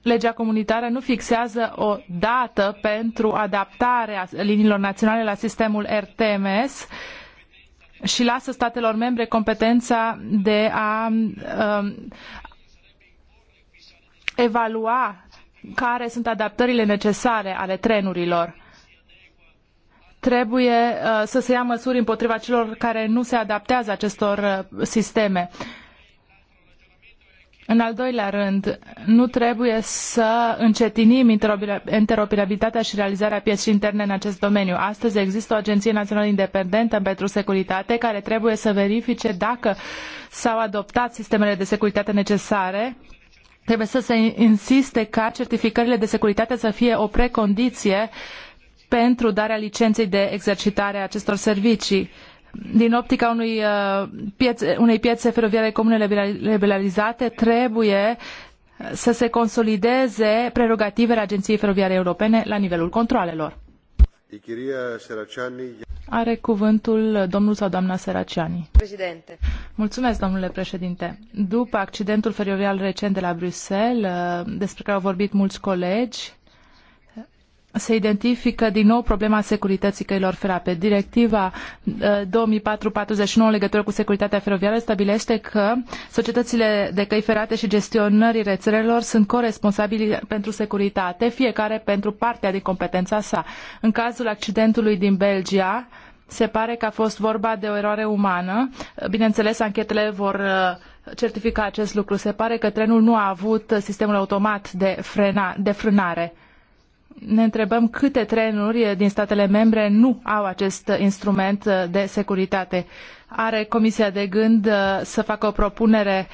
legea comunitară nu fixează o dată pentru adaptarea liniilor naționale la sistemul RTMS, uh, și lasă statelor membre competența de a um, evalua care sunt adaptările necesare ale trenurilor. Trebuie uh, să se ia măsuri împotriva celor care nu se adaptează acestor uh, sisteme. Uh, în al doilea rând, nu trebuie să încetinim interoperabilitatea și realizarea pieței interne în acest domeniu. Astăzi există o Agenție Națională Independentă pentru Securitate care trebuie să verifice dacă s-au adoptat sistemele de securitate necesare trebuie să se insiste ca certificările de securitate să fie o precondiție pentru darea licenței de exercitare a acestor servicii din optica unui, uh, piețe, unei piețe feroviare comune liberalizate, trebuie să se consolideze prerogativele Agenției Feroviare Europene la nivelul controalelor. Are cuvântul domnul sau doamna Seraciani. Președinte. Mulțumesc, domnule președinte. După accidentul feroviar recent de la Bruxelles, uh, despre care au vorbit mulți colegi, se identifică din nou problema securității căilor ferate. Directiva 2449 uh, legătură cu securitatea feroviară stabilește că societățile de căi ferate și gestionării rețelelor sunt corresponsabili pentru securitate, fiecare pentru partea din competența sa. În cazul accidentului din Belgia, se pare că a fost vorba de o eroare umană. Bineînțeles, anchetele vor uh, certifica acest lucru. Se pare că trenul nu a avut sistemul automat de, frena, de frânare ne întrebăm câte trenuri din statele membre nu au acest instrument de securitate. Are Comisia de gând uh, să facă o propunere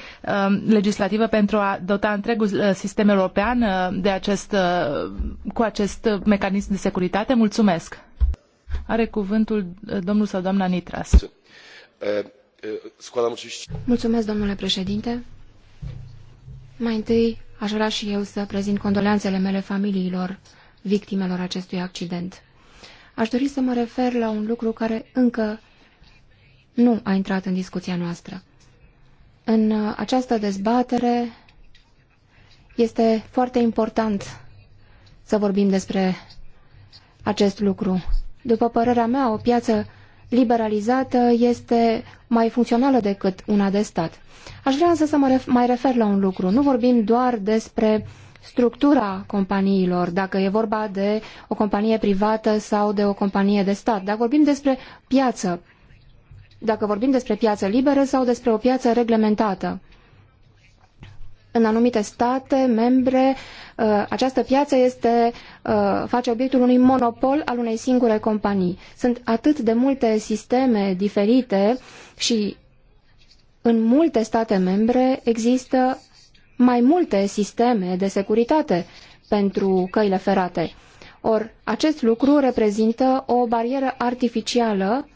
um, legislativă pentru a dota întregul uh, sistem european uh, de acest, cu acest mecanism de securitate? Mulțumesc! Are cuvântul domnul sau doamna Nitras. Mulțumesc, domnule președinte. Mai întâi, aș vrea și eu să prezint condoleanțele mele familiilor victimelor acestui accident. Aș dori să mă refer la un lucru care încă nu a intrat în discuția noastră. În uh, această dezbatere este foarte important să vorbim despre acest lucru. După părerea mea, o piață liberalizată este mai funcțională decât una de stat. Aș vrea însă să mă ref mai refer la un lucru. Nu vorbim doar despre structura companiilor, dacă e vorba de o companie privată sau de o companie de stat. Dacă vorbim despre piață, dacă vorbim despre piață liberă sau despre o piață reglementată. În anumite state membre, uh, această piață este, uh, face obiectul unui monopol al unei singure companii. Sunt atât de multe sisteme diferite și în multe state membre există mai multe sisteme de securitate pentru căile ferate. Or, acest lucru reprezintă o barieră artificială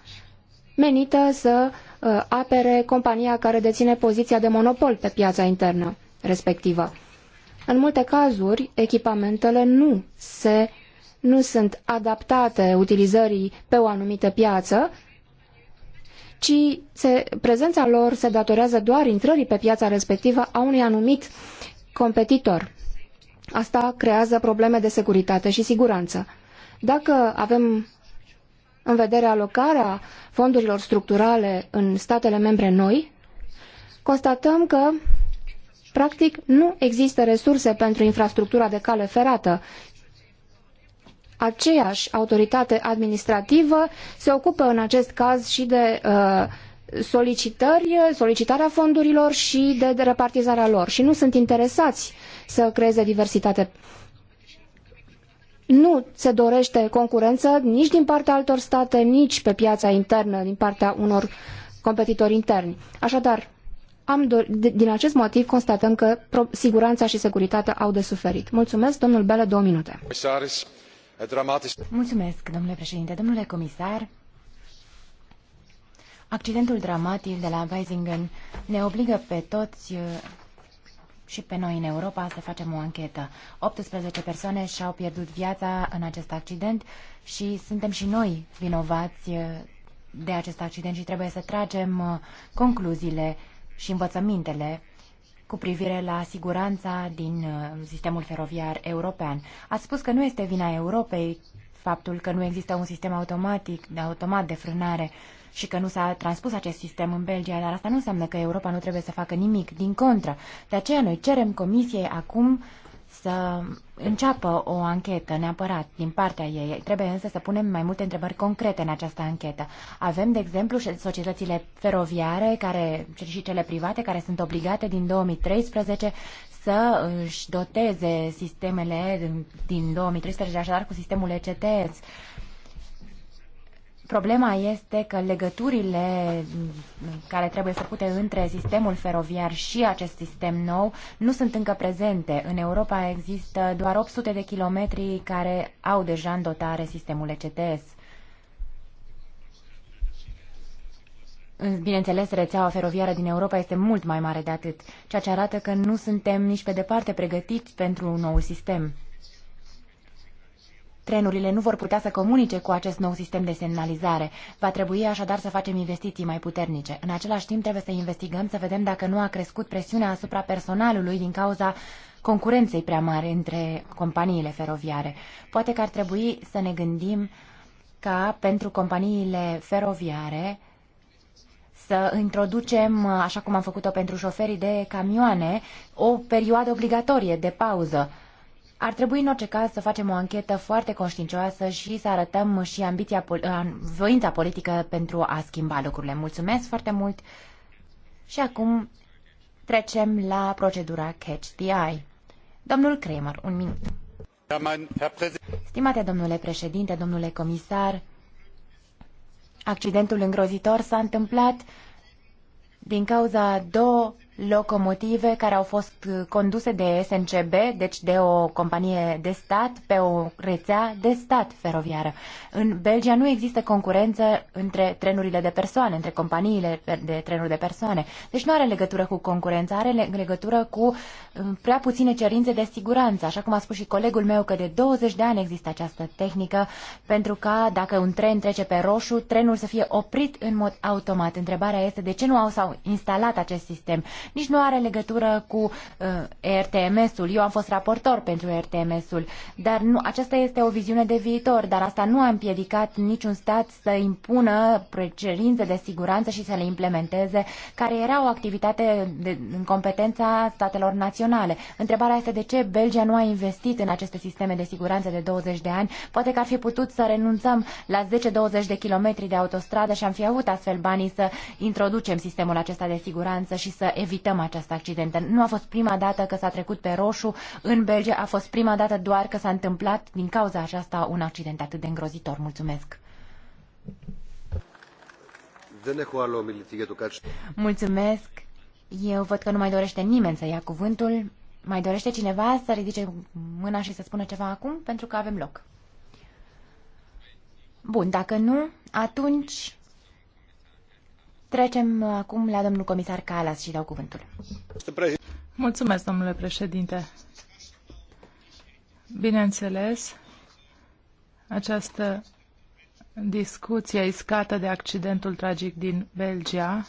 menită să uh, apere compania care deține poziția de monopol pe piața internă respectivă. În multe cazuri, echipamentele nu, se, nu sunt adaptate utilizării pe o anumită piață ci se, prezența lor se datorează doar intrării pe piața respectivă a unui anumit competitor. Asta creează probleme de securitate și siguranță. Dacă avem în vedere alocarea fondurilor structurale în statele membre noi, constatăm că practic nu există resurse pentru infrastructura de cale ferată, aceeași autoritate administrativă se ocupă în acest caz și de uh, solicitări, solicitarea fondurilor și de repartizarea lor și nu sunt interesați să creeze diversitate. Nu se dorește concurență nici din partea altor state, nici pe piața internă, din partea unor competitori interni. Așadar, am din acest motiv constatăm că siguranța și securitatea au de suferit. Mulțumesc, domnul Bele, două minute. Comisaris domnule președinte. Domnule comisar, accidentul dramatic de la Geisingen ne obligă pe toți uh, și pe noi în Europa să facem o anchetă. 18 persoane și-au pierdut viața în acest accident și suntem și noi vinovați uh, de acest accident și trebuie să tragem uh, concluziile și învățămintele cu privire la siguranța din uh, sistemul feroviar european. a spus că nu este vina Europei faptul că nu există un sistem automatic, automat de frânare și că nu s-a transpus acest sistem în Belgia, dar asta nu înseamnă că Europa nu trebuie să facă nimic, din contră. De aceea noi cerem Comisiei acum uh, să înceapă o anchetă neapărat din partea ei. Trebuie însă să punem mai multe întrebări concrete în această anchetă. Avem, de exemplu, societățile feroviare care, și cele private care sunt obligate din 2013 să își doteze sistemele din 2013, așadar cu sistemul ECTS. Problema este că legăturile care trebuie făcute între sistemul feroviar și acest sistem nou nu sunt încă prezente. În Europa există doar 800 de kilometri care au deja în dotare sistemul ECTS. Bineînțeles, rețeaua feroviară din Europa este mult mai mare de atât, ceea ce arată că nu suntem nici pe departe pregătiți pentru un nou sistem. Trenurile nu vor putea să comunice cu acest nou sistem de semnalizare. Va trebui așadar să facem investiții mai puternice. În același timp trebuie să investigăm să vedem dacă nu a crescut presiunea asupra personalului din cauza concurenței prea mari între companiile feroviare. Poate că ar trebui să ne gândim ca pentru companiile feroviare să introducem, așa cum am făcut-o pentru șoferii de camioane, o perioadă obligatorie de pauză ar trebui în orice caz să facem o anchetă foarte conștiincioasă și să arătăm și ambiția, voința politică pentru a schimba lucrurile. Mulțumesc foarte mult și acum trecem la procedura Catch the Eye. Domnul Kramer, un minut. Stimate domnule președinte, domnule comisar, accidentul îngrozitor s-a întâmplat din cauza două locomotive care au fost uh, conduse de SNCB, deci de o companie de stat, pe o rețea de stat feroviară. În Belgia nu există concurență între trenurile de persoane, între companiile de trenuri de persoane. Deci nu are legătură cu concurența, are legătură cu um, prea puține cerințe de siguranță. Așa cum a spus și colegul meu că de 20 de ani există această tehnică pentru ca dacă un tren trece pe roșu, trenul să fie oprit în mod automat. Întrebarea este de ce nu au sau instalat acest sistem nici nu are legătură cu uh, RTMS-ul. Eu am fost raportor pentru RTMS-ul, dar nu, aceasta este o viziune de viitor, dar asta nu a împiedicat niciun stat să impună precerințe de siguranță și să le implementeze, care era o activitate de, în competența statelor naționale. Întrebarea este de ce Belgia nu a investit în aceste sisteme de siguranță de 20 de ani. Poate că ar fi putut să renunțăm la 10-20 de kilometri de autostradă și am fi avut astfel banii să introducem sistemul acesta de siguranță și să evităm evităm acest accident. Nu a fost prima dată că s-a trecut pe roșu în Belgia, a fost prima dată doar că s-a întâmplat din cauza aceasta un accident atât de îngrozitor. Mulțumesc! Mulțumesc! Eu văd că nu mai dorește nimeni să ia cuvântul. Mai dorește cineva să ridice mâna și să spună ceva acum? Pentru că avem loc. Bun, dacă nu, atunci Trecem uh, acum la domnul comisar Calas și dau cuvântul. Mulțumesc, domnule președinte. Bineînțeles, această discuție iscată de accidentul tragic din Belgia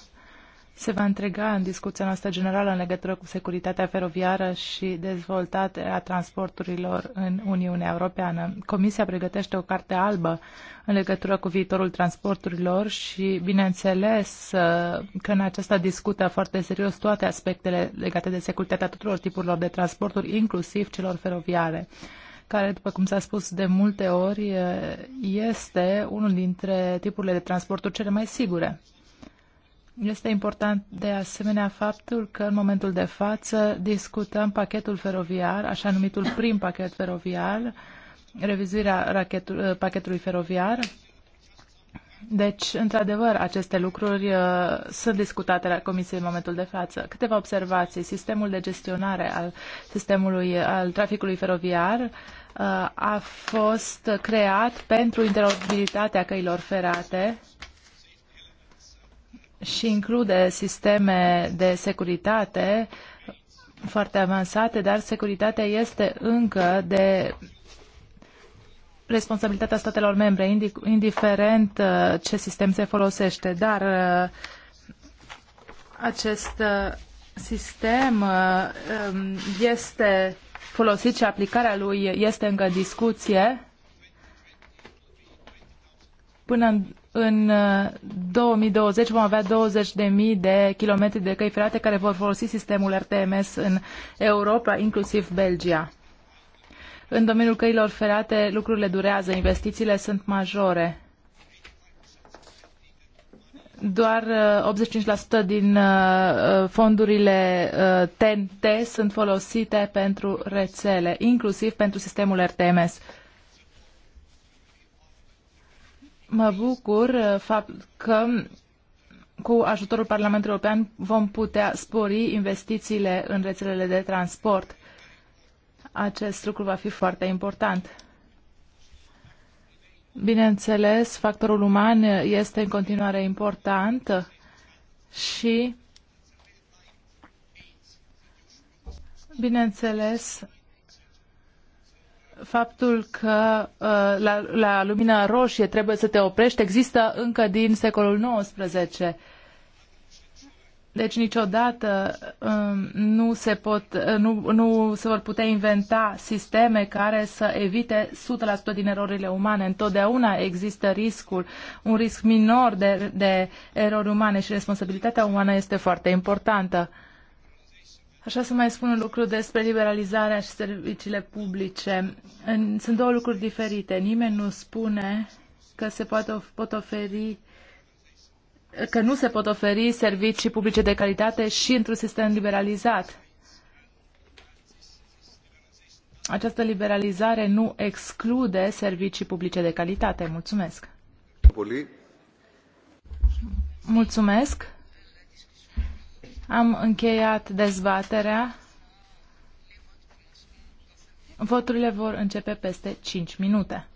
se va întrega în discuția noastră generală în legătură cu securitatea feroviară și dezvoltarea transporturilor în Uniunea Europeană. Comisia pregătește o carte albă în legătură cu viitorul transporturilor și, bineînțeles, că în aceasta discută foarte serios toate aspectele legate de securitatea tuturor tipurilor de transporturi, inclusiv celor feroviare care, după cum s-a spus de multe ori, este unul dintre tipurile de transporturi cele mai sigure. Este important de asemenea faptul că în momentul de față discutăm pachetul feroviar, așa numitul prim pachet feroviar, revizuirea ă, pachetului feroviar. Deci, într-adevăr, aceste lucruri uh, sunt discutate la Comisie în momentul de față. Câteva observații. Sistemul de gestionare al sistemului al traficului feroviar uh, a fost creat pentru interoperabilitatea căilor ferate uh, și include sisteme de securitate foarte avansate, dar securitatea este încă de responsabilitatea statelor membre, indiferent uh, ce sistem se folosește. Dar uh, acest uh, sistem um, este folosit și aplicarea lui este încă discuție Până în, în 2020 uh, vom avea 20.000 de kilometri de căi ferate care vor folosi sistemul RTMS în Europa, inclusiv Belgia. În domeniul căilor ferate lucrurile durează, investițiile sunt majore doar 85% uh, din uh, fondurile TNT sunt folosite pentru rețele, inclusiv pentru sistemul RTMS. Mă bucur uh, fapt că cu ajutorul Parlamentului European vom putea spori investițiile în rețelele de transport. Acest lucru va fi foarte important. Bineînțeles, factorul uman este în continuare important și, bineînțeles, faptul că uh, la, la lumina roșie trebuie să te oprești există încă din secolul XIX. Deci niciodată um, nu se, pot, uh, nu, nu se vor putea inventa sisteme care să evite 100% din erorile umane. Întotdeauna există riscul, un risc minor de, de erori umane și responsabilitatea umană este foarte importantă. Așa să mai spun un lucru despre liberalizarea și serviciile publice. Sunt două lucruri diferite. Nimeni nu spune că se poate, pot oferi că nu se pot oferi servicii publice de calitate și într-un sistem liberalizat. Această liberalizare nu exclude servicii publice de calitate. Mulțumesc. Mulțumesc. Am încheiat dezbaterea. Voturile vor începe peste 5 minute.